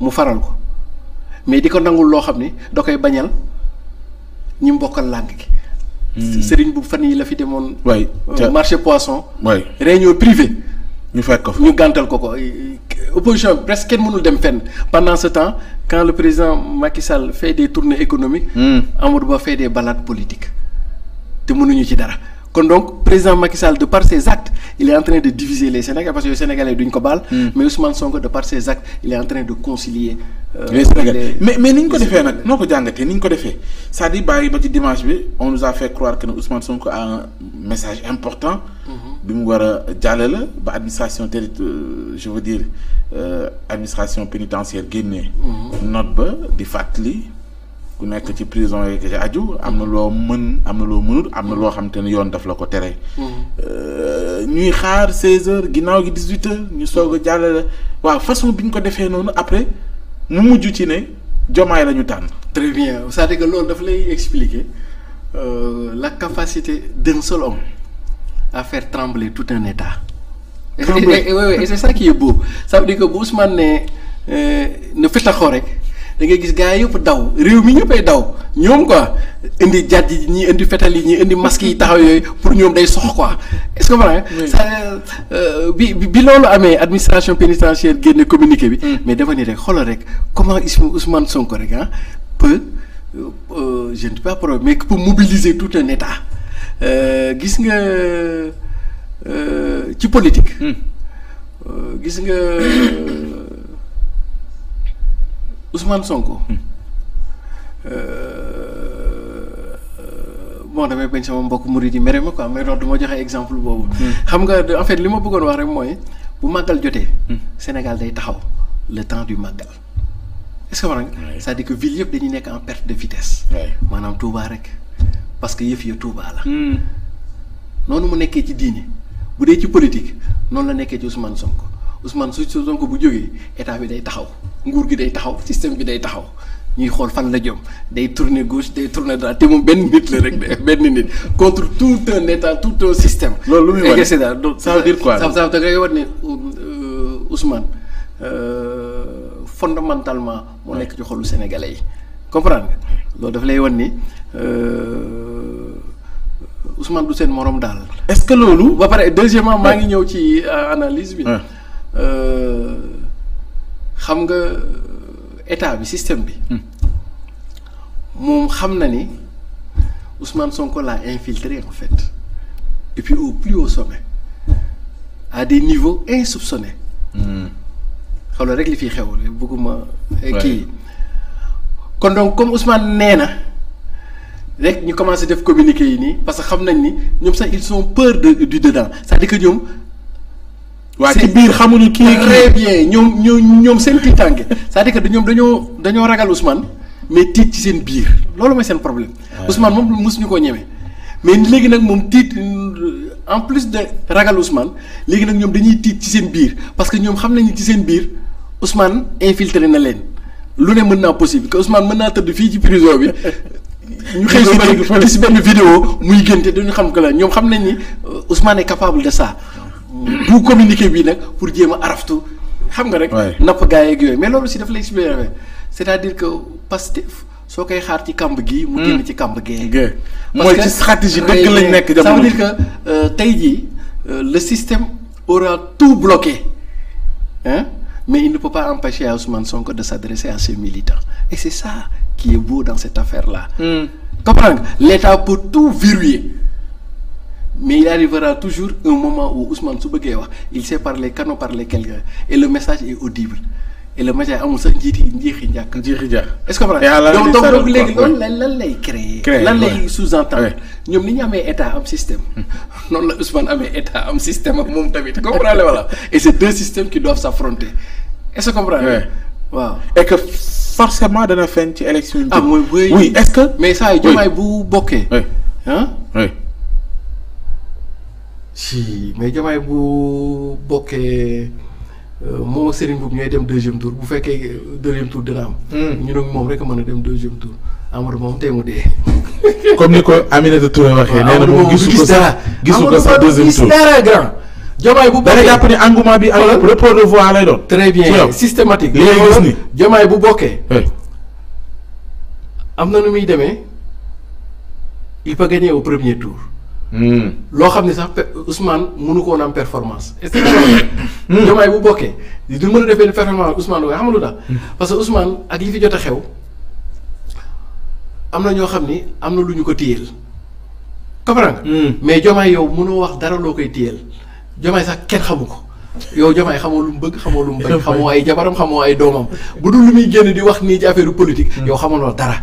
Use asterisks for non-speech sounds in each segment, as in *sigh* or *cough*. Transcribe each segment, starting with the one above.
mu faral ko mais di ko nangul loo xam ne da koy bañal ñi mbokkal làng gi. Hmm. sëriñ bu fan yi la fi demoon. waay euh, marché poisson. waay réunion privée. ñu fekk ko ñu gàntal ko ko euh, opposition presque kenn mënul dem fenn pendant ce temps quand le président Macky Sall fait de tournées économiques. Hmm. Amadou Ba fait des balades politiques te mënuñu ci dara. kon donc président Macky Sall de par ses actes il est en train de diviser les Sénégalais parce que les Sénégalais duñ ko baal. Hmm. mais Ousmane Sonko de par ses actes il est en train de concilier. Euh, mais mais ni ñu ko defee nag noo ko jàngatee ni ñu ko defee c'est-à-dire ba ci dimanche bi on nous a fait croire que ne Ousmane Sonko un message important. Mm-hmm. bi mu war a jàllale ba administration teri euh, je veux dire euh, administration pénitentiaire génnee. Mm-hmm. note ba di fàttali. ku nekk ci prison yi ci aju am na loo mën am na loo mënut am na loo xam te ne yoon daf la ko tere. Mm-hmm. Euh, ñuy xaar 16h ginnaaw gi 18h ñu soog a jàllale waaw façon bi ñu ko defee noonu après mu mujj ci ne jomaay la ñu tànn. très bien c'est-à-dire que loolu daf lay expliquer euh, la capacité d'un seul homme trembler tout un état. trembler et, et, et, et c'est ça qui est beau ça veut dire que bu Ousmane ne na fi taxaw rek. da ngay gis gars yi yëpp daw réew mi ñëppay daw ñoom quoi indi jàdd yi ñii indi fetal yi ñii indi masque yi taxaw yooyu pour ñoom day sox quoi est-ce que vrai euh, bi bi loolu amee administration pénitentiaire génne communiqué bi mm. mais dafa ni rek xoolal rek comment Ousmane Sonko rek ah peut euh, euh, je ne dis pas problème mais pour mobiliser tout un état gis nga ci politique mm. gis nga Ousmane Sonko. Hmm. Euh, bon damay bañ sama mbokk mu yi mere ma quoi mais doon du ma joxe exemple boobu. Hmm. xam nga en fait li ma bëggoon wax rek mooy bu màggal jotee. Hmm. Sénégal day taxaw le temps du màggal. est-ce que maanaam cest à que ville yëpp dañuy nekk en perte de vitesse. maanaam Touba rek parce que yëf ya Touba la. noonu mu nekkee ci diini bu dee ci politique noonu la nekkee ci Ousmane Sonko. Ousmane su Sonko bu jógee état bi day taxaw nguur gi day taxaw système bi day taxaw ñuy xool fan la jëm day tourner gauche day tourner moom benn nit rek de *laughs* benn nit contre tout tout un système. loolu lu muy wane ça veut dire quoi ça ça da ngay wan ne Ousmane euh, fondamentalement moo nekk ci xolu sénégalais yi comprendre loolu daf lay wan ni. Euh, Ousmane du seen morom daal. est-ce que loolu. ba pare deuxièmement maa ngi ñëw ci euh, analyse bi. xam nga euh, état bi système bi. Hmm. moom xam na ni Ousmane Sonko l'a infiltré en fait et au plus haut sommet à niveau niveaux insoupçonnés. Hmm. xam nga rek li fi xew la bëgguma. Eh, kii kon donc comme Ousmane nee na. rek ñu commencé def communiqué yi nii parce que xam nañ ni ñoom sax ils sont peur de du dedans c'est-à-dire ñoom. waa ci biir xamuñu kii bien ñoom ñoom ñoom seen tiitànge c'est-à-dire que ñoom dañoo dañoo ragal Ousmane mais tiit ci seen biir loolu mooy seen problème Ousmane moom mosuñu koo ñeme mais léegi nag moom tiit en plus de ragal Ousmane léegi nag ñoom dañuy tiit ci seen biir parce que ñoom xam nañu ci seen biir Ousmane infiltré na leen lu ne mën naa possible que Ousmane mën naa tëdd fii ci prison bi ñu xëy si benn gis benn vidéo muy gënte duñu xam que ñoom xam nañ ni euh, Ousmane est capable de ça tout communiqué bi nag pour jéem a araftu xam nga rek. napp gars yeeg yooyu mais loolu si daf lay expliqué c'est-à-dire que Pastef soo koy xaar ci kamb gi mu hmm. génn ci kamb gee. mooy ci stratégie dëgg lañ nekk jamono ça veut dire que euh, tey jii euh, le système aura tout bloqué mais indi ne peut pas empêcher à Ousmane Sonko de s'adresser à ses militants et c'est ça qui est beau dans cette affaire là. Hmm. comprends nga l'État peut tout verrouiller. mais il arrivera toujours un moment où Ousmane su bëggee wax il sait parler canot parler quelqu'un et le message est audible et le message amul sax njiiti njiixi njàkk njiixi njàkk est-ce que donc donc donc léegi loolu lan lan lay créer lan lay sous ñoom ni ñu amee état am système *laughs* noonu la Ousmane amee état am système ak moom tamit comprendre voilà et c'est deux systèmes qui doivent s'affronter est-ce que comprendre waaw et que forcément dana feeñ ci élection ah mooy oui est-ce que mais saa yu Diomaye bu bokkee si mais Diomaye bu bokkee euh, moo Serigne Mboup ñooy dem deuxième tour bu fekkee euh, deuxième tour dina am. Hmm. ñu ne moom rek mën a dem deuxième tour Amadou moom tey mu dee. *laughs* comme ni ko Aminata Touré waxee. nee na moom gisu ko sax gisu ko sax deuxième tour grand. bu bokkee da jàpp ni bi ak report de voix lay doon. très bien systématique. bu bokkee. am na nu muy demee il peut gagner premier tour. Hmm. loo xam ne sax Ousmane mënu koo woon performance. est-ce hmm. Hmm. bu bokkee du mën a def benn performance Ousmane du koy parce que Ousmane ak li fi jot a na ñoo xam ni am na lu ñu ko téyeel. comprendre mais Diomaye yow mënoo wax dara loo koy téyeel Diomaye sax kenn xamu ko. yow Diomaye xamoo lu mu bëgg xamoo lu mu bëgg xamoo ay jabaram xamoo ay doomam bu dul lu muy génn di wax nii ci affaire politique. yow xamaloo dara.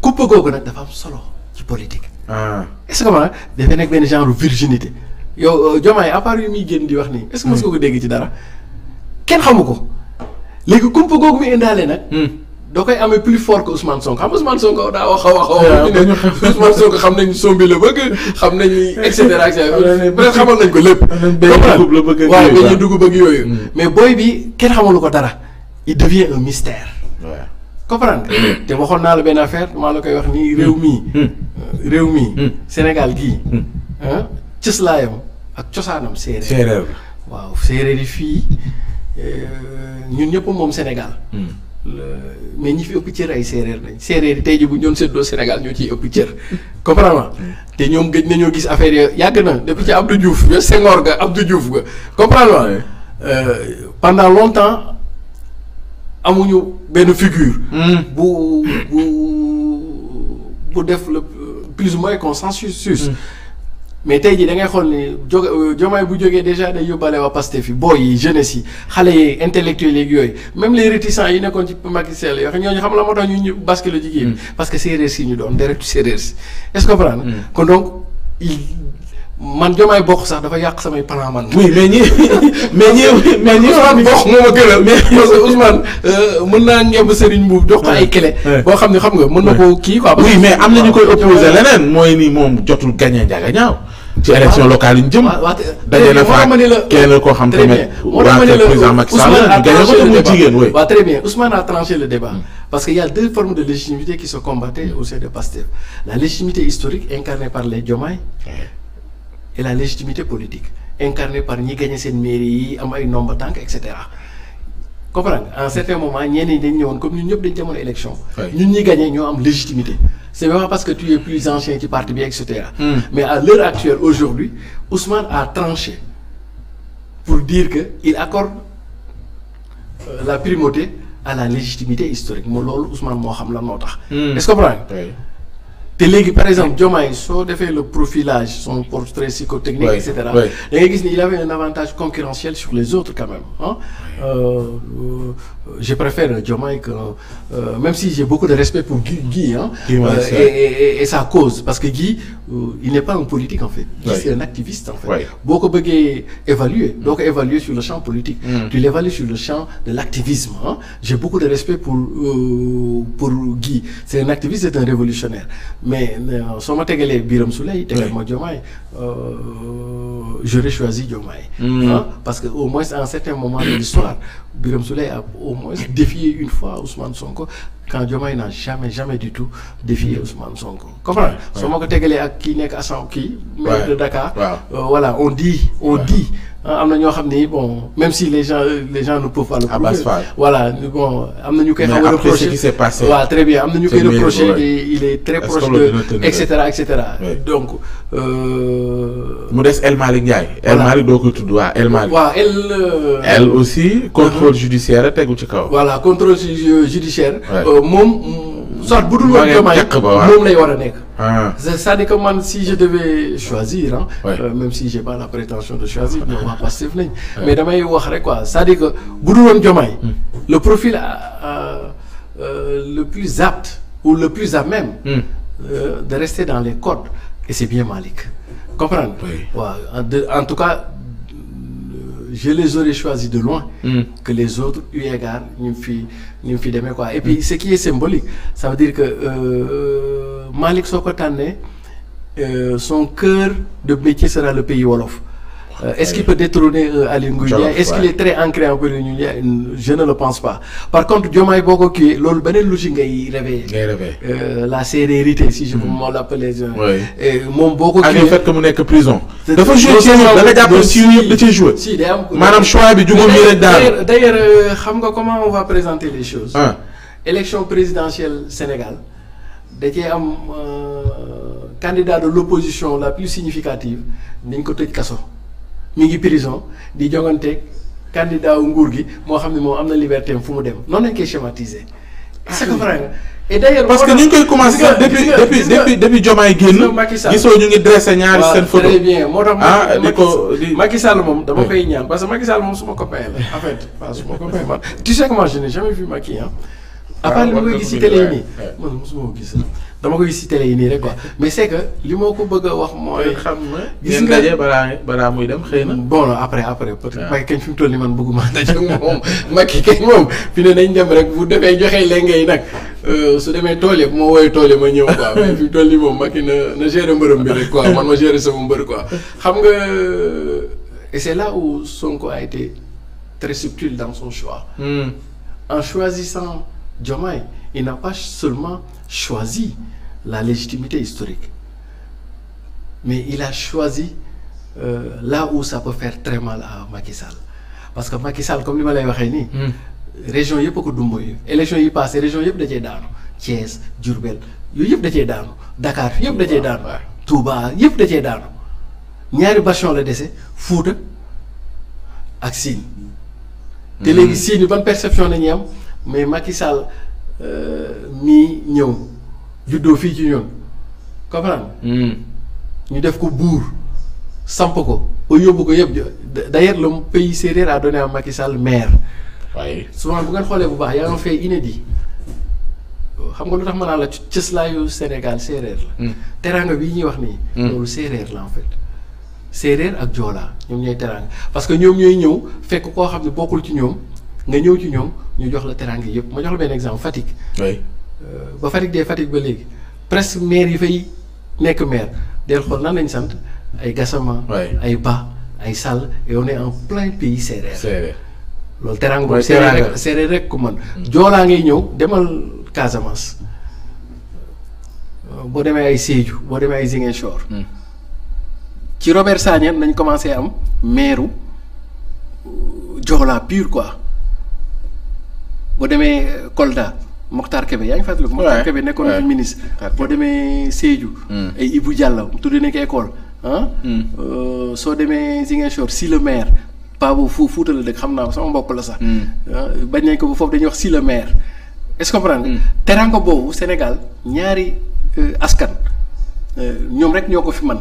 coupe googu nag dafa am solo ci politique. Ah. est-ce que ma dafay nekk benn genre virginité yow euh, Diomaye à part yu muy génn di wax nii. est-ce que mos ko dégg ci dara. kenn xamu ko léegi kumpa googu muy indaale nag. Hmm. doo koy amee plus fort que Ousmane Sonko xam Ousmane Sonko daa wax a wax a ah, xam nañ sombi la xam nañ ni et cetera et ah, nañ ko lépp. dugub la bëgg waaw ba ñu dugub ak yooyu. mais booy bi kenn xamalu ko dara. il devient un mystère. waaw comprendre nga. Hmm. te waxoon naa la benn affaire maa la koy wax nii hmm. réew mii. réew mi. Hmm. Sénégal gii. Hmm. Ah, cëslaayam ak cosaanam séeréer. séeréer waaw séeréer yi fii eh, ñun ñëpp moom Sénégal. Hmm. mais ñi fi ëpp cër ay séeréer lañ séeréer yi tey ji bu ñu seddoo séddoo Sénégal ñoo ciy ëpp cër. comprendre te ñoom gëj nañoo gis affaire yi yàgg na depuis ci Abdou Diouf ba Senghor ga Abdou Diouf ga comprendre euh, pendant longtemps amuñu benn figure. bu bu bu def la plus ou moins consensus. Mm. mais tey jii da ngay xool ne jo euh, bu jógee déjà day yóbbaale waa Pastef yi booy yi jeunesse yi xale yi intellectuels yeeg yooyu même les réticents yi nekkoon ci Macky Sall yoo xam ñooñu la moo tax ñu ñu basculer jigéen bi mm. parce que séeréer si ñu doon deret séeréer si est-ce que comprendre mm. kon donc man jomaay bokk sax dafa yàq samay plan man. oui mais ñi *laughs* mais ñi mais ñi Ousmane bokk moo ma gënal. mais *laughs* parce que Ousmane euh, mën naa ngemb Serigne Mbuub jox ko ay clé. boo xam ne xam nga mën na koo kii quoi. oui mais am na ñu koy opposé leneen mooy ni moom jotul gagné Ndiaga Ñaaw. ci ah, élection ah. locale yi ñu jëm. waaw ah, waaw a tranché le débat. Mm. Parce qu'il y a deux formes de légitimité qui se combattaient au sein de Pasteur. La légitimité historique incarnée par les Diomaye et la légitimité politique incarnée par ñi gagné seen mairie yi am ay nombre tànk et cetera comprendre en certain moment ñenn ñi dañ ñëwoon comme ñun ñëpp dañ jamono élection. ñun ñi gagné ñoo am légitimité. c' est vraiment parce que tu es plus ancien ci parti bi et cetera. Hmm. mais à l'heure actuelle aujourd'hui Ousmane a tranché pour dire que il accorde euh, la primauté à la légitimité historique moo loolu Ousmane moo xam la moo tax. Hmm. est ce que comprendre te léegi par exemple Diomaye soo defee le profilage son portrait psychotechnique oui, et cetera da ngay gis ni il avait un avantage concurrentiel sur les autres quand même ah Euh, je préfère Diomaye que euh, même si j'ai beaucoup de respect pour Guy, Guy hein, euh, et, sa cause parce que Guy euh, il n'est pas un politique en fait Guy c'est un activiste en fait ouais. boo ko bëggee évaluer mm. doo ko évaluer sur le champ politique mm. tu l'évalues sur le champ de l'activisme j'ai beaucoup de respect pour euh, pour Guy c'est un activiste c'est un révolutionnaire mais soo ma tegalee Birame Souleye tegal ma Diomaye j'aurais choisi Diomaye mm. parce que au moins à un certain moment de l'histoire Biram Souley a au moins défié une fois Ousmane Sonko quand Diomaye n'a jamais jamais du tout défié mm. Ousmane Sonko. comprendre soo ma ko tegalee ak kii nekk Assane kii. maire de Dakar. Euh, voilà on dit on dit. am na ñoo xam ni bon même si les gens les gens ne peuvent pas le ah, prouver voilà am na ñu koy xaw a reproché waaw très bien am na ñu koy reproché il est très proche de et cetera et cetera donc. Euh, mu des El Malick Ndiaye. doo koy tudd waa El Malick. waaw El. Euh, aussi contrôle mhm. judiciaire a tegu ci kaw. voilà contrôle judiciaire. Euh, moom. soit bu dul woon Diomaye moom lay war a nekk. Ah. c'est-à-dire que man si je devais choisir ah. Ouais. Euh, même si j'ai pas la prétention de choisir mais damay wax rek quoi c'est-à-dire que bu dul woon Diomaye. Hmm. le profil euh, euh, le plus apte ou le plus à même. Mm. de rester dans les codes. et c'est bien Malick comprendre waaw oh, oui. en tout cas je les aurais choisis de loin mm. que les autres eu égard e ñu fi ñu fi demee quoi et puis mm. ce qui est symbolique ça veut dire que euh, soo ko tànnee euh, son cœur de métier sera le pays wolof Euh, est-ce qu'il peut détrôner euh, Aliou Ngouille Ndiaye est-ce qu'il est très ancré en Aliou Ngouille ne le pense pas par contre Diomaye boo ko kiiyee loolu beneen logique ngay réveillé. ngay réveillé euh, la sérénité si je hmm. peux m'en appeler. moom boo ko kiiyee ak le fait mu nekk prison. dafa joué ci ñoom da nga jàpp ne si yëpp da cee joué. si day am maanaam choix bi jugul nii rek daal. d'ailleurs xam nga comment on va présenter les choses. Ah. élection présidentielle Sénégal da cee am candidat de l'opposition la plus significative dañ ko tëj mi ngi prison di joŋanteeg candidat wu nguur gi moo xam ne moom am na liberté fu mu dem noonu lañ koy schématiser. Ah est-ce que vrai nga et d'ailleurs parce que ñu ngi koy commencé sax depuis depuis depuis depuis Diomaye génn. gisoo ñu ngi dressé ñaari seen photo. très bien moo tax ah di ko di Macky Sall moom dama koy ñaan parce que Macky Sall moom suma copain la en fait waaw suma copain man tu sais que moi je n'ai jamais vu Macky ah. à part li ma koy gis si télé yi nii mosuma ko gis dama koy gis si télé yi nii rek quoi mais c'est que li ma ko bëgg a wax mooy. xam ma gis nga daje balaa balaa muy dem xëy na. bon après après peut être Macky kañ fi mu toll ni man bëgguma *laughs* daje moom Macky kañ nañ dem rek bu demee joxe leen ngay nag euh, su demee tool yi ma woowee tool yi ma ñëw quoi mais fi mu toll nii moom Macky na na gérer mbërëm bi rek quoi man ma gérer sama mbër quoi xam nga et c'est là où Sonko a été très subtil dans son choix. Hmm. en choisissant. Diomaye il n'a pas seulement choisi la légitimité historique mais il a choisi euh, là où ça peut faire très mal à Macky Sall parce que Macky Sall comme li ma lay waxee nii. Hmm. région yëpp a ko dumboyu élection yi passé région yëpp da cee daanu Thiès Diourbel yooyu yëpp da cee daanu Dakar yëpp da cee hmm. daanu. Touba yëpp da cee daanu ñaari bastion la dese Fouta ak Sine. Hmm. te léegi Sine ban perception la ñuy am. mais Macky Sall euh, mii ñëw juddoo fii ci ñoom comprendre hmm. ñu def ko buur samp ko ba yóbbu ko yëpp d'ailleurs la pays séeréer a donné à Macky Sall maire. waaye souvent bu ngeen xoolee bu baax yaa ngi fay inédit xam nga lu tax ma naan la cëslaayu Sénégal séeréer la. Hmm. teraanga bii ñuy wax nii. Hmm. loolu séeréer la en fait. séeréer ak joolaa ñoom ñooy teraanga parce que ñoom ñooy ñëw fekk koo xam ni bokkul ci ñoom nga ñëw ci ñoom. ñu jox la teraanga yëpp ma jox la benn exemple Fatick. Euh, ba Fatick dee Fatick ba léegi presque maire yi fay nekk maire del xool nan lañ sant ay Gassama. ay Ba ay Sall yow on est en plein pays séeréer. loolu teraanga boobu séeréer rek séeréer rek ku mën. Mm. joolaa ngay ñëw demal Casamance euh, boo demee ay Sédhiou boo demee ay Ziguinchor. Mm. ci Robert Sagna nañ commencé am maire euh, joolaa pur quoi. boo demee Kolda Mokhtar Kébé yaa ngi fàttaliku. waaw Mokhtar Kébé nekkoon nañu ministre. boo demee Sédhiou. Hmm. ay Ibou Diallo tuddee nañu ko école. Ah. Hmm. Euh, soo demee Ziguinchor si le maire Paa boobu fu Fuuta la dëkk xam naa ko sama mbokk la sax. Hmm. Ah, bañ nañ ko ba foofu dañuy wax si le maire. est-ce que comprendre teraanga boobu Sénégal ñaari euh, askan euh, ñoom rek ñoo ko fi man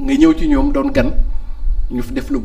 nga ñëw ci ñoom doon gan ñu def lu.